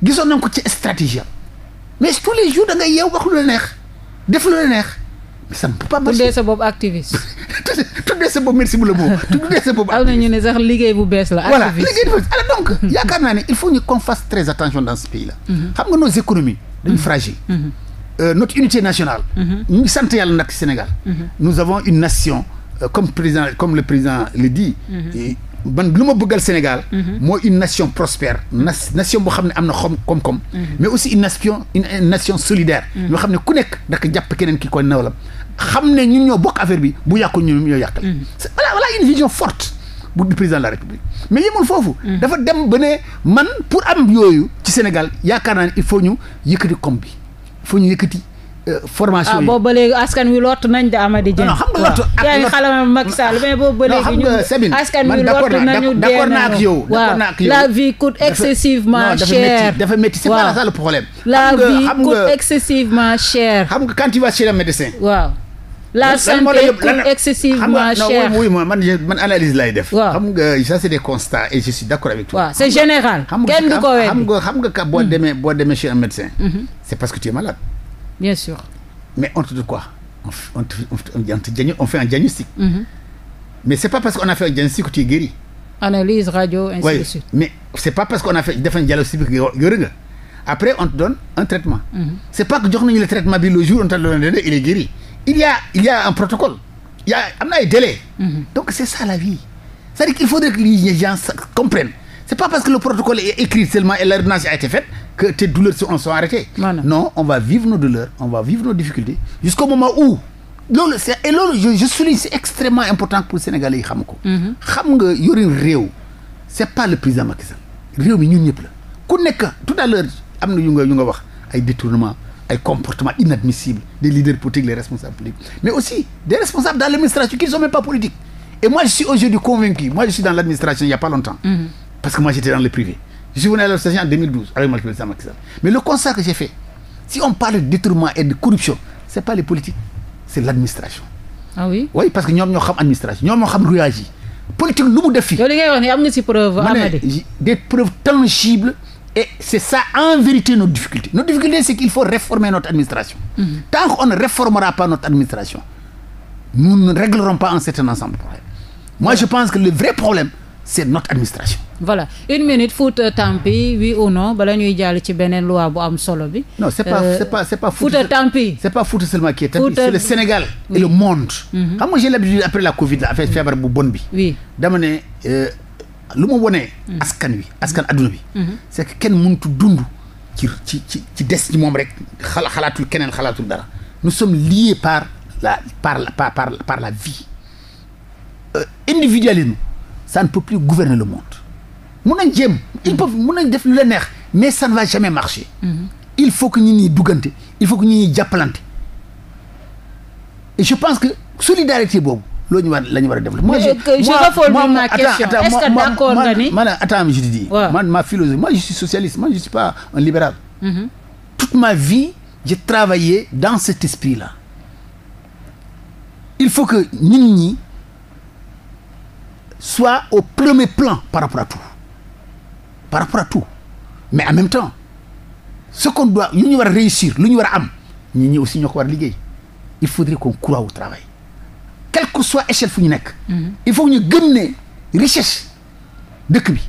gisoon na ko ci stratégie am mais tous les jours da ngay yeew wax lu la neex def lu la neex. ça ne peut pas marcher tuddee sa bopp activiste. <laughs> tuddee sa bopp merci bu la moom tuddee sa bopp. <laughs> am na ñu ne sax liggéey bu bees la. voilà liggéey bu bees alors donc. Mm-hmm. yaakaar naa il faut ñu qu'on fasse très attention dans ce pays mm-hmm. xam nga nos économies. dañu mm-hmm. fragile. euh, notre unité nationale. ñu ngi sant yàlla nag Sénégal. Mm-hmm. nous avons une nation euh, comme président comme le président le dit. Mm-hmm. man lu ma bëggal Sénégal. Mm-hmm. mooy une nation prospère. nation boo xam ne am na xom koom-koom. mais aussi une nation une nation solidaire. ñoo xam ne ku nekk daka jàpp keneen ki ko nawlam xam ne ñun ñoo bokk affaire bi bu yàqu ñun ñoo yàqal. voilà une vision forte bu du président la République mais yemul foofu. dafa dem ba man pour am yooyu ci Sénégal yaakaar naa il faut foo ñu yëkkati. Euh, formation ah, yi ah ba léegi askan wi lott nañ de amadi Dieng. xam nga lottu ak yaa ngi xalamal Macky Sall mais boobu ba léegi ñu askan wi lott nañu dee nañu waaw la vie coûte excessivement cher dafa métti c'est pas ça le problème. la vie coûte excessivement cher. xam nga quand tu vas chez médecin waaw. la santé coûte excessivement cher non oui man analyse lay def. waaw nga ça et je d'accord avec toi. c'est général. kenn du ko wér nga ka boo mm. demee boo demee chez un médecin. Mm-hmm. c'est parce que tu es malade. bien sûr. mais on te dit quoi on mm-hmm. c'est pas a fait un que tu es guéri. analyse radio ainsi de a fait on te donne un traitement. Mm-hmm. c'est pas que jox nañu le traitement bi le jour on t'a donné il est guéri. il y a il y a un protocole il y a am na ay délais. Mhm. donc c' ça la vie cest dire que le protocole est écrit seulement et a été faite que tes douleurs sont sont non on va vivre nos douleurs on va vivre nos difficultés jusqu'au moment où. loolu je souligne c' extrêmement important pour Sénégalais yi xam ko. Mhm. xam nga yorin réew. c' pas le président Macky Sall mi ñun ñëpp la ku nekk tout à l'heure am na yu wax ay détournement ay comportements des leaders politiques les responsables politiques mais aussi des responsables dans l'administration qui sont même pas politiques et moi je suis aujourd'hui convaincu moi je suis dans l'administration il y a pas longtemps mhm. parce que moi j'étais dans le privé je suis venu à l'administration en 2012 avec Macky Sall mais le constat j'ai fait si on parle de détournement et de corruption c'est l'administration ah parce que ni Et c'est ça, en vérité, notre difficulté. Notre difficulté, c'est qu'il faut réformer notre administration. Mmh. Tant ne réformera pas notre administration, nous ne réglerons pas un certain ensemble de Moi, je pense que le vrai problème, c'est notre administration. voilà une minute Fouta euh, Tampi oui ou non bala ñuy jàll ci beneen loi bu am solo bi. non c'est pas euh, c'est pas c'est pas Fouta Tampi. c'est pas Fouta seulement qui est Tampi c'est le Sénégal et le monde. Mhm. xam nga j'ai l'habitude après la mhm. bu bon bi. oui lu ma wonee mm-hmm. askan wi askan mm-hmm. adduna bi mm-hmm. c'est que kenn mëntu dund ci ci ci ci des ci moom rek xala xalaatul keneen xalaatul dara nous sommes liés par la par la par par, par la vie euh, individualisme ça ne peut plus gouverner le monde mun nañ jéem ils peuvent mun nañ def lu la neex mais ça ne va jamais marcher il faut que ñu ñuy duggante il faut que ñu ñuy jàppalante je pense que solidarité boobu loolu ñu war la ñu war a développé. moi je reformule ma question est-ce que d'accord nga ni man attends suis socialiste moi je suis pas un libéral. Mm-hmm. toute ma vie j'ai travaillé dans cet esprit-là. il faut que nit ñi soient au premier plan par rapport à tout mais en même temps ce qu'on doit lu ñu war réussir lu ñu war a am nit ñi aussi ñoo war a il faudrait qu'on croie au travail. quelle que soit échelle fu ñu nekk. Mhm. il faut ñu gën ne richesse dëkk bi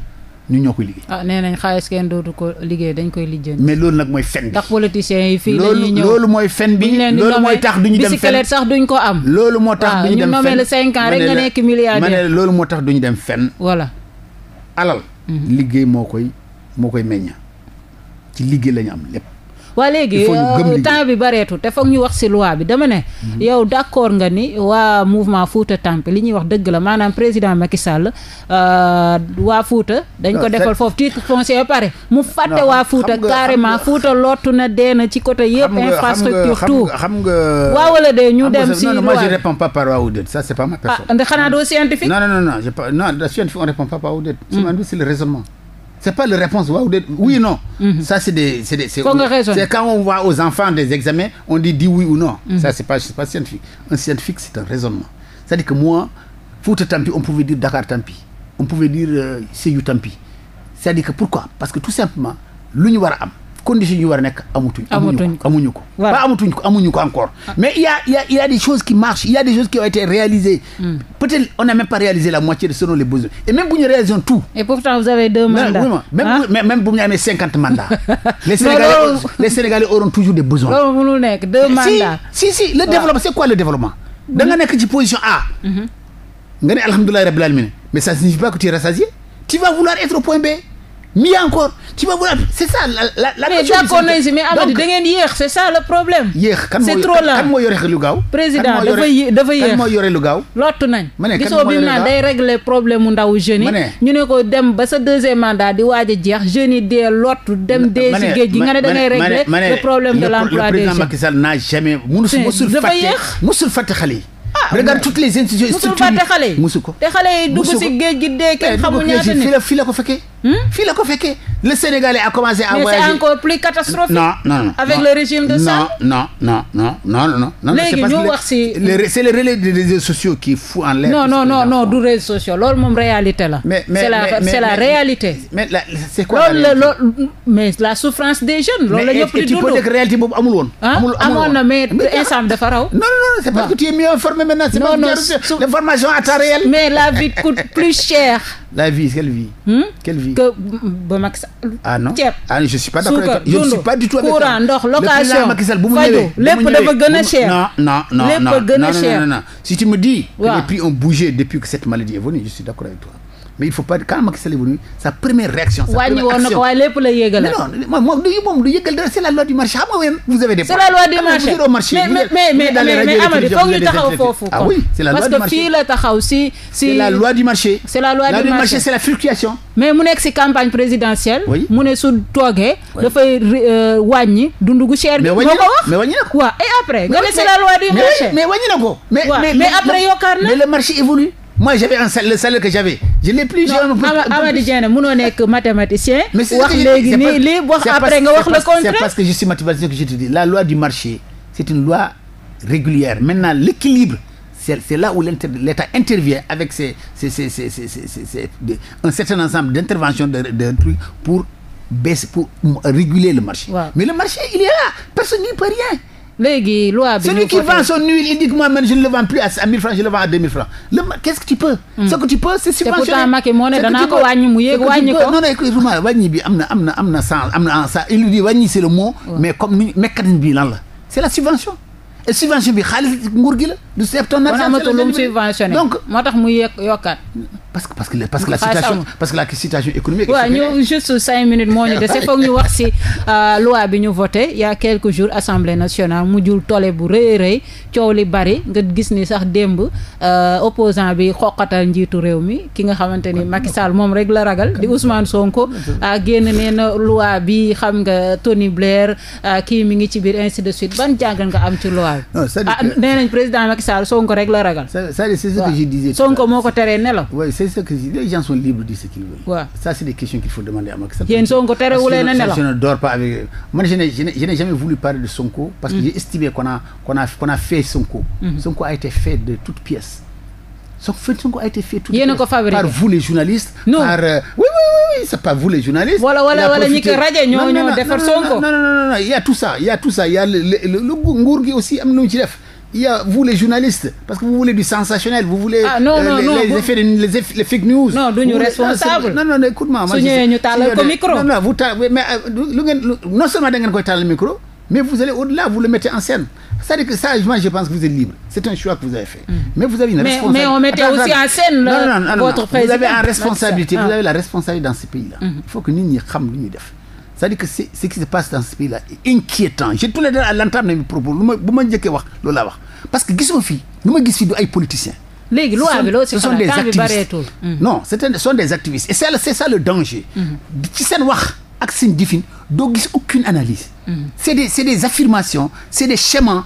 ñu ñoo koy liggéey. ah nee nañ xaalis kenn dootu ko liggéey dañ koy lijjanti. mais loolu nag mooy fen bi. ndax politiciens yi fii dañuy ñëw loolu mooy fen bi loolu mooy tax duñu dem fen sax duñ ko am. loolu moo tax ah, duñu dem fen waaw ñu nommé le cinq ans rek nga nekk milliardaire. loolu moo tax duñu dem fen. voilà alal. Mhm. liggéey moo koy moo koy meññ. ci liggéey lañu am lépp. waa léegi euh, temps bi bareetu te foog ñu wax ci loi bi dama ne mhm. yow d'accord nga ni waa mouvement Fouta Tampi li ñuy wax dëgg la maanaam président Macky Sall euh, waa Fouta dañ ko ah, defal foofu titre foncier ba pare mu fàtte waa Fouta carrément fuuta lottu na dee na ci côté yëpp infrastructure tout xam nga waaw wala de ñu dem ci loi non moi je réponds pas par waaw ou déet ça c'est pas ma ah, personne ah xanaa doo scientifique non non non non non scientifique on répond pas par waaw ou déet c'est pas la réponse oui non. Mhm. c'est quand on voit aux enfants des examens on dit dit oui ou non. Mhm. c'est pas scientifique un scientifique c'est un raisonnement c'est-à-dire que moi Fouta tant pis on pouvait dire Dakar tant pis on pouvait dire euh, Sédhiou tant pis c'est-à-dire que pourquoi parce que tout simplement lu ñu war am. conditions yi war a nekk amatuñ. amatuñ ko amuñu ko voilà pas amatuñ ko amuñu ko ah. des choses qui marchent il des choses qui ont été réalisées. Hmm. peut-être on n'a même pas réalisé la moitié de selon les besoins et même bu ñu réalisé tout. et pourtant vous avez deux mandats ah. même bu ñu amee cinquante mandats. <laughs> les Sénégalais les toujours des besoins. loolu mënul nekk nga nekk ci position A. Mhm. nga ne alhamdulilah rabbil alamin ne signifie pas que tu es rassasié. tu vas vouloir être au mis encore tu vas voir la la la. mais d'accord nañ si mais Amady da ngeen yéex c'est moo kan moo yore lu gaaw. président moo yore lu gaaw. lottu nañ. ma ne gisoo bi mu naan day régler problème mu yi. ñu ne ko dem ba sa deuxième mandat di a jeex jeunes yi dee lottu dem dee si géej nga ne da ngay régler le problème de l'emploi des jeunes. n'a jamais. dafa yéex musul fàtte xale yi. ah regarde toutes les institutions. xale yi musu ko. te xale yi dugg si géej gi dee kenn eh, xamu ñaata fi la fi la ko fekkee fii la ko fekkee le Sénégalais a commencé à voyager mais c'est encore plus catastrophique non non non avec non, le régime de non non non non non non le relais des réseaux sociaux qui fout du réseaux sociaux loolu moom réalité la mais mais c'est la c'est la réalité mais la c'est quoi loolu mais souffrance des jeunes loolu la ñëpp di dund mais est-ce que réalité boobu amul woon ah, amul amoon na mais non non c'est parce ah. que tu es mieux informé maintenant c'est pas l'information à réel mais la vie coûte plus cher <laughs> la vie quelle vie. Hmm? quelle vie que ah non ah je suis pas d'accord avec toi je ne suis pas du tout avec toi courant ndox location faju lépp dafa gën a cher. non non non non non non si tu me dis. waaw que les depuis que cette maladie est venue je suis d'accord avec toi. mais il faut pas quand Macky Sall est venu sa première réaction. sa première action wàññi woon na ko waaye lépp la yëgal. non moom du moom du yëgal dara c' est la loi du marché xam nga vous avez des. c' est la loi du marché mais mais mais mais Amady foog ñu taxaw foofu. ah oui c' est la loi du marché parce que fii la taxaw si si. c' est la loi du marché. c' est la loi du marché c' est la fluctuation. mais mu nekk si campagne présidentielle. oui mu ne su toogee. dafay euh, wàññi dundu gu cher bi. moo ko wax mais wàññi na ko. waaw et après. nga ne c' est la loi du marché. mais wàññi na ko. mais mais après yokkaar na mais le marché évolue moi j'avais un salaire le salaire que j'avais je l'ai plus j'ai un Amady Dieng mënoo nekk mathématicien wax léegi nii lii wax après nga wax le contraire c'est parce que je suis mathématicien que je te dis la loi du marché c'est une loi régulière maintenant l'équilibre c'est c'est là où l'État intervient avec ses ses un certain ensemble d'interventions de pour baisser pour réguler le marché mais le marché il est là personne n'y peut rien léegi loi bi. celui qui vend son il dit que moi man je ne le vends plus à mille francs je le vends à deux mille francs le qu'est-ce que tu peux. Hmm. ce que tu peux c'est subventionné. te pourtant Macky moo ne mu yéeg wàññi ko. non non écoute moi wàññi bi am na am na am na sens am na en sens il lui dit wàññi c'est le mot. mais comme ni mécanisme bi lan la. c'est la subvention. et subvention bi xaalis nguur gi la. du seet ton argent. kon amatul lu donc moo tax mu yéeg yokkaat. parce que parce que parce que la situation économique. waaw ñu juste cinq minutes moo ñu dese foog ñu wax ci euh, loi bi ñu voté il y a quelques jours assemblée nationale mu jul tole bu rëy rëy coow li bari nga gis ni sax démb euh, opposant bi xoqatal njiitu réew mi ki nga xamante ni Macky Sall moom rek la ragal di Ousmane Sonko euh, génn nee na loi bi xam nga Tony Blair kii mi ngi ci biir ainsi de suite ban jàngal nga am ci loi bi. ah nee nañ président Macky Sonko rek la ragal. c'est ce que c'est ce que les gens sont libres de dire ce qu'ils veulent. waaw ça c'est des questions qu'il faut demander à Macky Sall. yéen Sonko terewulee na nelaw je ne dors pas avec man je n'ai je n'ai jamais voulu parler de Sonko. parce que mm. j'ai estimé qu'on a qu'on a qu'on a fait Sonko. Mm-hmm. Sonko a été fait de toutes pièces. Sonko a été fait toutes pièces. yéen a ko fabriqué par vous les journalistes. non par euh, oui oui oui c'est pas vous les journalistes. wala wala wala ñi ko rajo ñoo ñoo defar Sonko. non non non non il y a tout ça il y a tout ça il y a le le nguur gi aussi am na mu ci def. il y a vous les journalistes parce que vous voulez du sensationnel vous voulez. Ah, euh, non les effets les fake news. non duñu responsable ah, non non non écoute-moi. su ñëwee ñu tàllal ko micro non non vous ta mais euh, lu ngeen micro. mais vous allez au-delà vous le mettez en scène cest je pense que vous êtes libre c'est un choix que vous avez fait. Mm. mais vous avez une responsabilité on mettait aussi en scène. votre président vous ah. dans ce pays-là. Mm-hmm. il faut que nit ñi xam lu ñuy def. c'est-à-dire que c'est qui se passe dans ce pays là inquiétant j'ai tout le temps à l'entame de mes propos lu ma bu ma wax loolu wax parce que gisuma fii lu ma gis fii du ay politiciens léegi loi bi des activistes mm-hmm. non ce sont des activistes et c'est ça, le danger mm-hmm. ci wax ak seen jëfin gis aucune analyse mm-hmm. c'est des affirmations c'est des slogans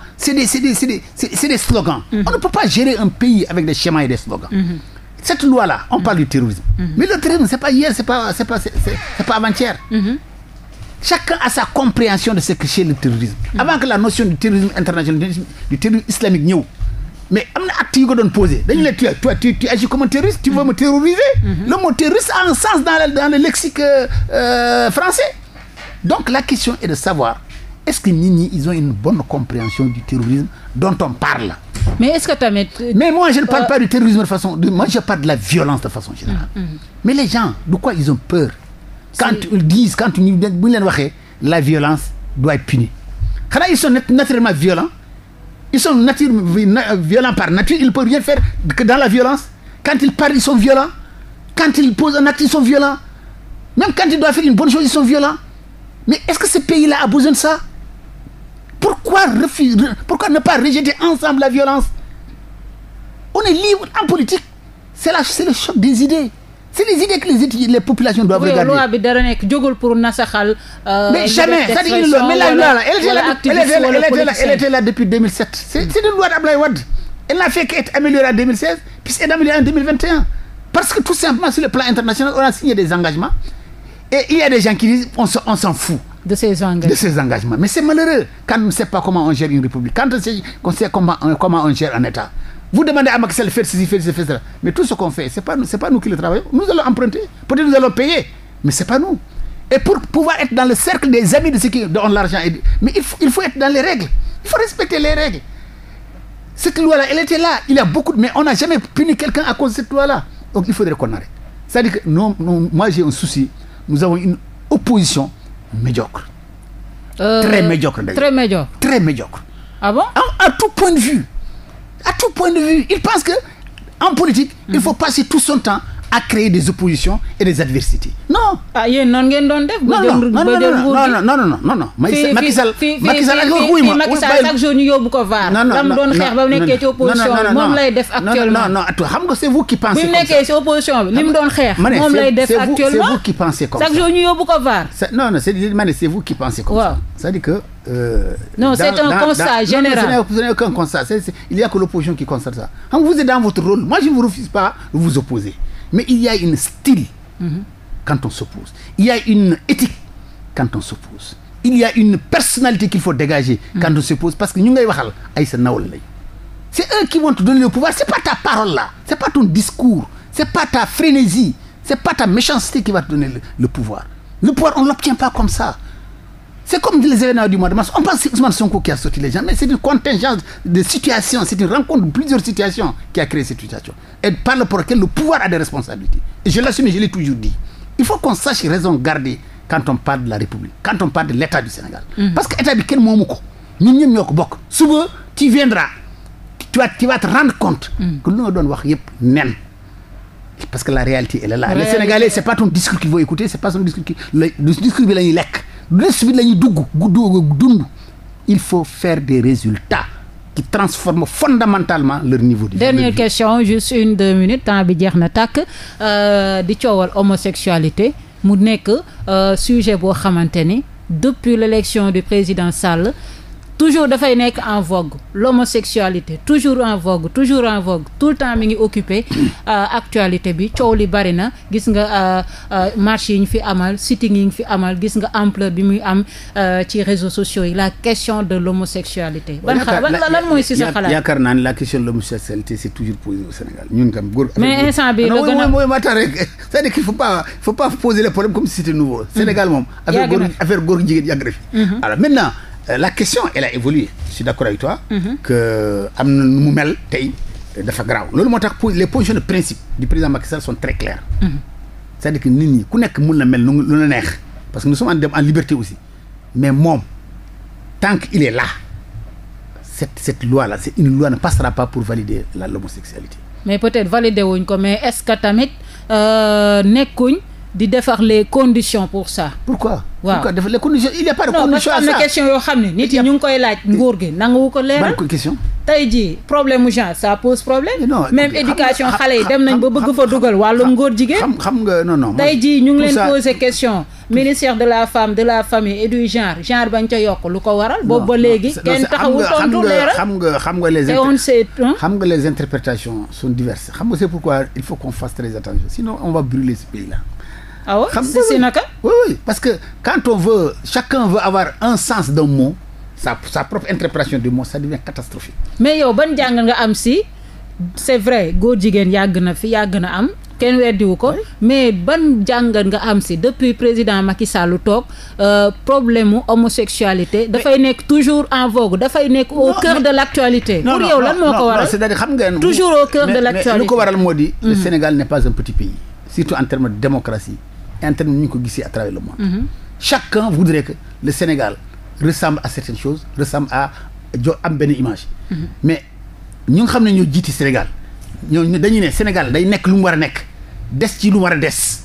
on ne peut pas gérer un pays avec des schémas et des slogans cette loi là on parle du terrorisme chacun a sa compréhension de ce que c'est le terrorisme. Hmm. avant que la notion du terrorisme international du terrorisme islamique ñëw. mais am na acte yu ko doon posé dañu ne hmm. tu toi tu tu agis comme un terroriste tu hmm. a un sens dans le lexique euh, français. donc la question est de savoir est-ce que nit ñi ils ont une bonne compréhension du terrorisme dont on parle. mais tamit. mais moi je ne parle euh... pas du terrorisme de façon générale. mais les gens de quoi quand ils disent quand ñu bu ñu leen waxee la violence doit être punie xanaa ils sont naturellement violents ils sont nature violents par nature ils ne peuvent rien faire que dans la violence quand ils parlent ils sont violents quand ils posent un acte ils sont violents même quand ils doivent faire une bonne chose ils sont violents mais est-ce que ce pays-là a besoin de ça pourquoi refuser pourquoi ne pas rejeter ensemble la violence on est libre en politique c'est la c'est le choc des idées c'est les idées que les étudiants les populations doivent oui, regarder. loi bi dara nekk jógul pour nasaxal. Euh, mais jamais c'est-à-dire une loi mais la loi elle était là elle était là elle était là depuis 2007. c'est une loi d'Ablaye Wade. elle n'a fait qu'être améliorée en 2016 puis être améliorée en 2021 parce que tout simplement sur le plan international on a signé des engagements et il y a des gens qui disent on s'en on s'en fout. de ces engagements de ces engagements mais c'est malheureux quand on ne sait pas comment on gère une république quand on sait qu'on sait comment on, comment on gère un État. vous demandez à Macky Sall de faire ceci, Mais tout ce qu'on fait, c'est pas nous, qui le travaillons. Nous allons emprunter. Peut-être nous allons payer, mais c'est pas nous. Et pour pouvoir être dans le cercle des amis de ceux qui donnent l'argent, mais il faut, il faut être dans les règles. Il faut respecter les règles. Cette loi-là, elle était Il y a beaucoup, mais on n'a jamais puni quelqu'un à de cette médiocre. Euh, très médiocre Très médiocre. à, ah tout point de vue. à il pense que en politique il faut passer tout son temps à créer des oppositions et des adversités non. ah yéen noonu ngeen doon def. ba non non non non non non. fii Macky Sall Macky Sall ak wuy ma Macky Sall chaque jour ñu yóbbu ko vaar. def actuellement. non non non xam c'est vous qui pensez comme ça. bi mu nekkee ci opposition bi li mu doon c'est vous qui pensez comme ça. chaque jour ñu yóbbu ko vaar. non non c'est vous qui pensez comme Euh, non, c'est un, constat général. ce constat. il n'y a que l'opposition qui constate ça. Quand vous êtes dans votre rôle, moi je ne vous refuse pas vous opposer. Mais il y a une style mm on s'oppose. Il y a une éthique quand on s'oppose. Il y a une personnalité qu'il faut dégager mm on s'oppose. Parce que nous, c'est eux qui vont te donner le pouvoir. Ce pas ta parole là. Ce pas ton discours. Ce pas ta frénésie. Ce pas C'est comme les événements du mois de mars. On pense c'est Ousmane Sonko qui a sorti les gens, mais c'est une contingence de situations, c'est une rencontre de plusieurs situations qui a créé cette situation. Et par pour laquelle le pouvoir a des responsabilités. je l'ai toujours dit. Il faut qu'on sache raison garder quand on parle de la République, quand on parle de l'État du Sénégal. Mhm. Parce que état bi mhm. que lu nga que la réalité elle est là. les reste bi la ñuy dugg gudd dund il faut faire des résultats qui transforment fondamentalement leur niveau de vie. dernière question juste une deux minutes temps bi jeex na tàkk euh, di coowal homosexualité mu nekk euh, sujet boo xamante ni depuis l'élection du président Sall toujours dafay nekk en vogue l'homosexualité toujours en vogue toujours en vogue tout le temps mi ngi occupé euh, actualité bi coow li bari na gis nga euh, euh, marche yi ñu fi amal sitting yi ñu fi amal gis nga ampleur bi muy am ci réseaux sociaux yi la question de l'homosexualité ban lan mooy si sa xalaat yaakaar naa la question de l'homosexualité c'est toujours posée au Sénégal ñun tam góor mais instant bi la gën a mooy ma tax rek cest si c'était nouveau mmh. Sénégal moom affaire affaire góor jigéen yàgg na Euh, la question elle a évolué je d'accord avec toi. Mhm. que am na nu mu mel tey dafa garaaw loolu moo tax les positions de principe du président Macky Sall très claires. Mhm. cest dire que nit ñi ku nekk mun na mel nu lu neex parce que nous sommes en dem en liberté aussi mais moom tant qu'il est la cette cette loi là c'est une loi ne passera pas pour valider la l'homosexualité mais peut-être valider wuñ ko mais est que tamit euh, nekkuñ. di defar les conditions pour ça. pourquoi. waaw pourquoi defar les conditions il y a pas de condition à ça non parce que am na question yoo xam ne nit yi ñu ngi koy laaj nguur gi nanguwu ko leeral. ban question. tey jii problème mu genre ça pose problème. non même éducation xale yi dem nañ ba bëgg fa dugal wàllum ngóor jigéen. xam xam nga non non. tey jii ñu ngi leen poser question. ministère de la femme de la famille et du genre genre bañ ca yokk lu ko waral. boobu ba léegi kenn taxawul tontu leeral xam nga xam nga les. xam nga les interprétations sont diverses xam nga c'est pourquoi il faut qu'on fasse très attention sinon on va brûler ce pays là. ah ouais? c'est oui, naka oui oui parce que quand on veut chacun veut avoir un sens d'un mot sa sa propre interprétation du mot ça devient catastrophique mais yow ban jàng nga am si c'est vrai góor jigéen yàgg na fi yàgg na am kenn weddiwu ko mais ban jàngan nga am si depuis président Macky Sall lu toog euh, problème mu homosexualité dafay nekk toujours en vogue dafay nekk au cœur de l'actualité pour yow lan moo ko waral c'est-à-dire xam ngeen toujours au cœur de l'actualité ko waral moo di mm. Sénégal n'est pas un petit pays surtout en internet ñu ngi ko gisee à travers le monde. Mhm. chacun voudrait que le Sénégal ressemble à certaines choses ressemble à jo am benn image. Mhm. mais ñu nga xam ne ñoo jiiti Sénégal ñooñu dañuy ne Sénégal day nekk lu mu war a nekk des ci lu mu war a des.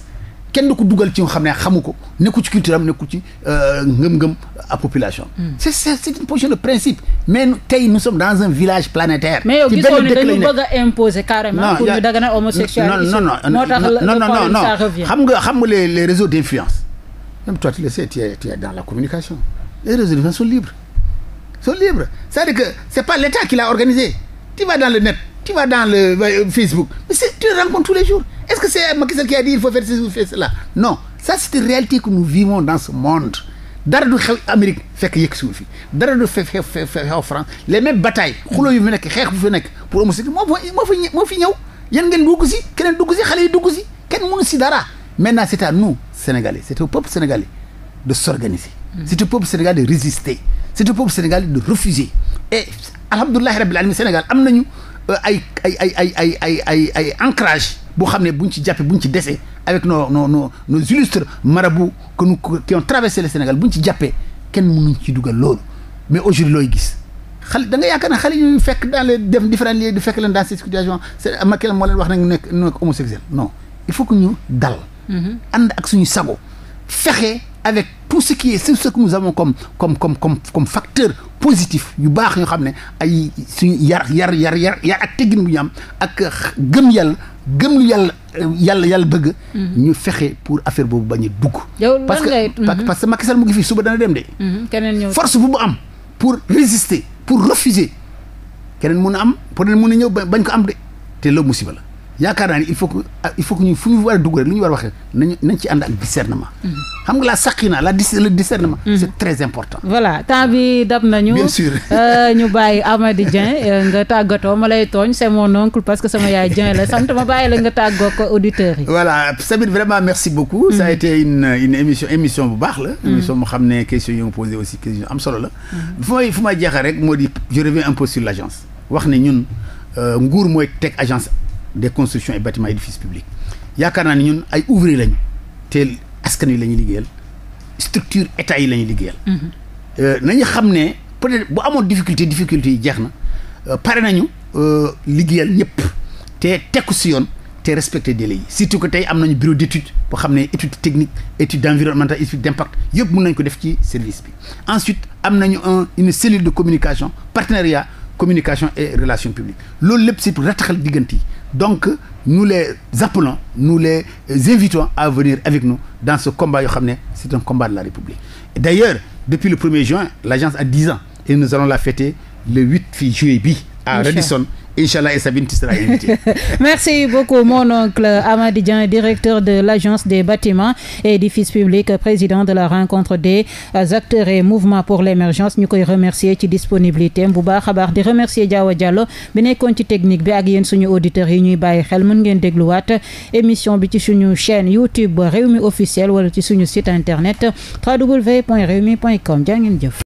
kenn du ko dugal ci nga xam ne ko nekku ci culture am nekku ci euh, ngëm-ngëm à population. Hmm. c' une position de principe. mais tey nous sommes dans un village planétaire. ci benn mais yow gisoon dañu bëgg a imposer carrément. pour ñu daganal homosexualité. non non non non non non xam toi tu le sais tu es tu es dans la communication les réseaux d' influence sont libres sont libres c' est que c' pas l' état a organisé tu vas dans le net tu vas dans le euh, Facebook mais c' est tous les jours. Est-ce que c'est Macky Sall qui a dit il faut faire ceci ou non c'est une réalité que nous vivons dans ce monde dara du xew Amérique fekk yëg suñu fi dara du fe xew xew France les mêmes batailles xuloo yu fi nekk xeex bu fi nekk pour homosexuel moo fi moo fi moo fi si keneen dugg si xale yi dugg si kenn mënu si dara maintenant c'est à nous Sénégalais c'est au peuple sénégalais de s'organiser mm. c'est au peuple sénégalais de résister c'est au peuple sénégalais de refuser et alhamdulillahi Sénégal am nañu Euh, ay ay ay ay ay ay ay ay ancrage boo xam ne buñ ci jàppee buñ ci desee avec nos nos nos nos illustres marabouts que nous qui ont traversé le Sénégal buñ ci jàppee kenn mënuñ ci dugal loolu mais aujourd'hui looy gis xale da nga yaakaar ne xale yu fekk dans les def différents lieux di fekk leen dans ces situations c'est ma moo leen wax ne nekk nekk homosexuel non il faut que ñu dal mm-hmm. ànd ak suñu sago fexe avec pour ce qui est c'est ce que nous avons comme comme comme comme comme facteur positif yu baax yoo xam ne ay suñu yar yar yar yar yar ak teggin bu ñu am ak gëm yàlla gëm lu yàlla yàlla yàlla bëgg. Mm-hmm. ñu fexe pour affaire boobu bañ a dugg. parce que mm-hmm. parce que Macky Sall mu ngi fii suba dana dem de. Mm-hmm. keneen ñëw force bu mu am pour résister pour refuser keneen mun am pour mun a ñëw bañ ko am de te loolu musiba la. yaakaar naa ni il faut que ah, il faut fu ñu war a dugg rek lu ñu war a wax rek nañu nañ ci ànd ak discernement. Mm-hmm. xam nga la saqina la dis le discernement. Mm-hmm. c'est très important. voilà temps bi dab nañu. bien sûr <laughs> euh, ñu bàyyi Amady Dieng <laughs> euh, nga tàggatoo ma lay tooñ c'est mon oncle parce que sama yaay Dieng la sant ma bàyyi la nga tàggoo ko auditeurs yi. voilà Sabine vraiment merci beaucoup. ça a mm-hmm. été une une émission émission bu baax la. émission mu xam ne question yi nga posé aussi question am solo la. fu may fu may jeexal rek moo di je reviens un peu sur l'agence wax ne ñun euh, nguur mooy teg agence. des constructions et bâtiments édifices publics yaakaar naa ne ñun ay ouvrier lañu te askan wi la ñuy liggéeyal structure état yi la ñuy liggéeyal. Mhm. Euh, nañu xam ne peut-être boo amoon difficulté difficulté yi jeex na euh, pare nañu euh, liggéeyal ñëpp te tekku si yoon te respecter de yi surtout que tey am nañu bureau d'étude boo xam ne étude technique étude environnementale étude d'impact yëpp mun nañ ko def ci service bi ensuite am nañu un une cellule de communication partenariat communication et relations publiques loolu lépp surtout diggante yi donc nous les appelons nous les invitons à venir avec nous dans ce combat yoo xam ne c'est un combat de la République d'ailleurs depuis le 1er juin l'agence a 10 ans et nous allons la fêter le juit fi juillet bi à Radisson incha allah Essa Bine tu seras <laughs> merci beaucoup mon oncle Amady Dieng directeur de l'agence des bâtiments et édifices publics président de la rencontre des euh, acteurs et mouvements pour l'émergence ñu koy remercier ci disponibilité bu baax a baax di remercier Diawa Diallo bi nekkoon ci technique bi ak yéen suñu auditeurs yi ñuy bàyyi xel mën ngeen dégluwaat émission bi ci suñu chaîne YouTube Rewmi officiel wala ci suñu site internet www.rewmi.com jaa ngeen jëf.